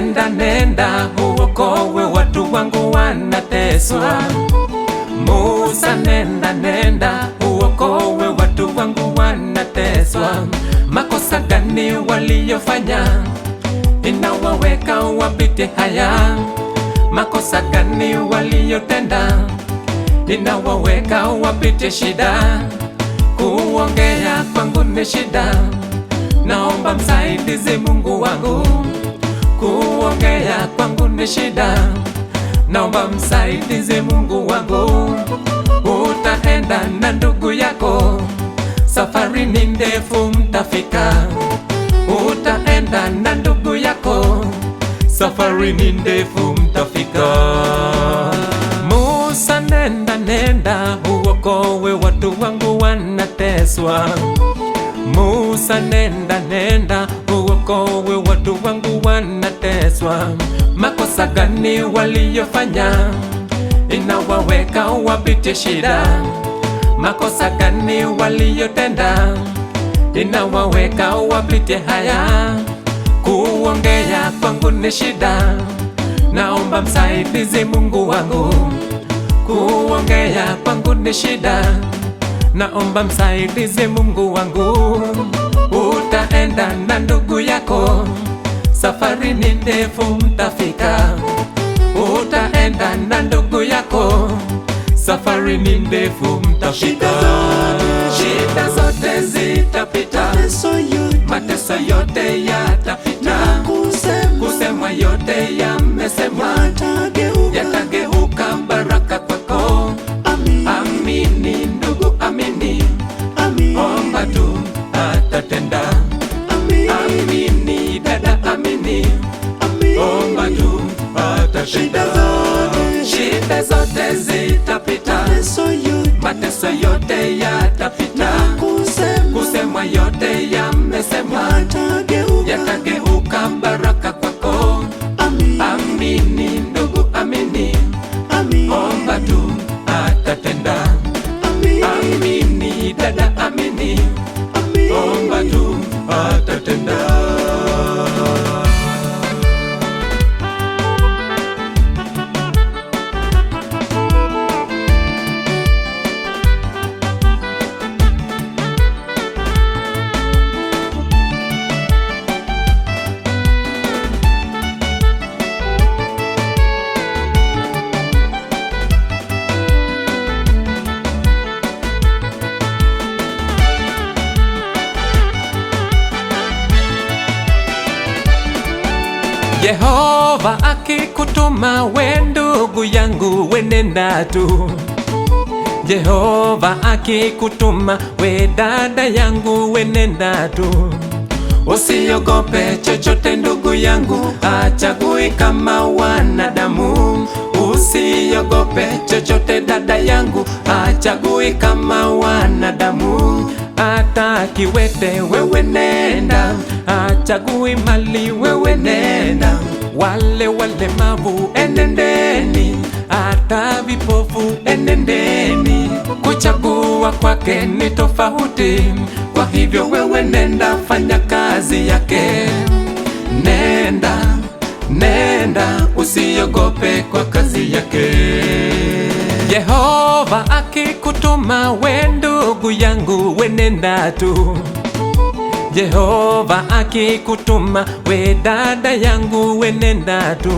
Nenda, nenda uokowe watu wangu wanateswa. Musa, nenda, nenda uokowe watu wangu wanateswa. Makosa gani waliyofanya inawaweka wapite haya? Makosa gani waliyotenda inawaweka wapite shida? Kuongea kwangu ni shida, naomba msaidizi Mungu wangu kuongea kwangu ni shida, naomba msaidizi Mungu wangu. Utaenda na ndugu yako, safari ni ndefu, mtafika. Utaenda na ndugu yako, safari ni ndefu, mtafika. Musa, nenda nenda, uokowe watu wangu wanateswa. Musa, nenda nenda, uokowe watu wangu wana kuteswa. makosa gani waliyofanya inawaweka wapite shida, makosa gani waliyotenda inawaweka wapite haya. Kuongea kwangu ni shida, naomba msaidizi Mungu wangu. Kuongea kwangu ni shida, naomba msaidizi Mungu wangu. Utaenda na ndugu yako safari ni ndefu, mtafika. Utaenda na ndugu yako, safari ni ndefu, mtafika. Shida zote zitapita, mateso yote yatapita. yote yatapita. Yehova akikutuma we ndugu yangu wenenda tu. Yehova akikutuma we dada yangu wenenda tu. Usiogope chochote ndugu yangu, achagui kama wanadamu. Usiogope chochote dada yangu, achagui kama wanadamu hata kiwete, wewe nenda, achagui mali, wewe nenda, wale walemavu enendeni, hata vipofu enendeni, kuchagua kwake ni tofauti. Kwa hivyo wewe nenda, fanya kazi yake, nenda, nenda, usiogope kwa kazi yake. Yehova akikutuma wendo yangu, wenenda tu. Jehova akikutuma, we dada yangu, wenenda tu.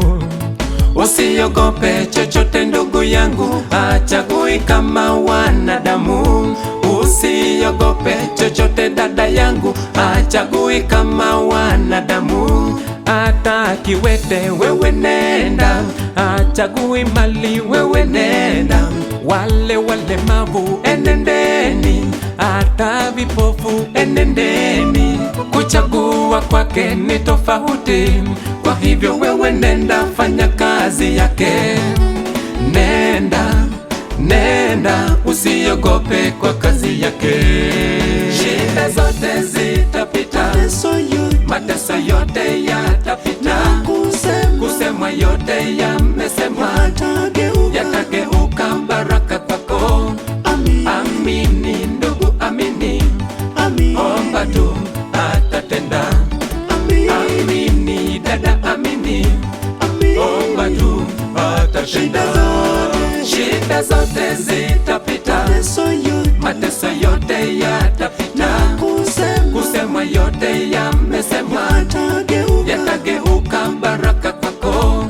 Usiogope chochote ndugu yangu, achagui kama wanadamu. Usiogope chochote dada yangu, achagui kama wanadamu. Hata kiwete wewe nenda, hachagui mali wewe nenda wale walemavu enendeni, hata vipofu enendeni. Kuchagua kwake ni tofauti, kwa hivyo wewe nenda, fanya kazi yake. Nenda, nenda, usiogope kwa kazi yake. Shida zote zitapita, mateso yote yatapita, kusema yote yamesema yatageuka baraka kwako.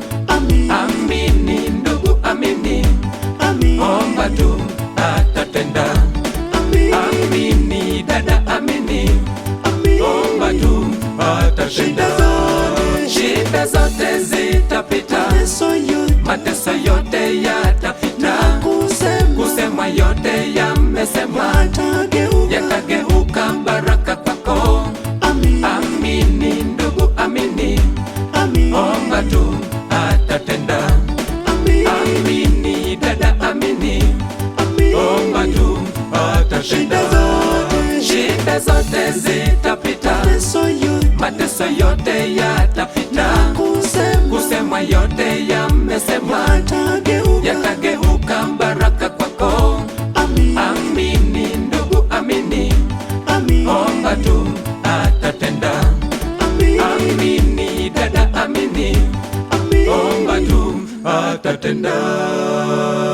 Amini ndugu, amini, omba tu atatenda. Amini dada, amini, omba tu atatenda. Shida zote zitapita, mateso yote yatapita mema yote yamesema yatageuka baraka kwako. Amini, ndugu, amini, Omba tu atatenda. Amini, dada, amini, Omba tu atatenda. Shida zote zitapita, mateso yote yatapita, kusema yote yamesemwa utatenda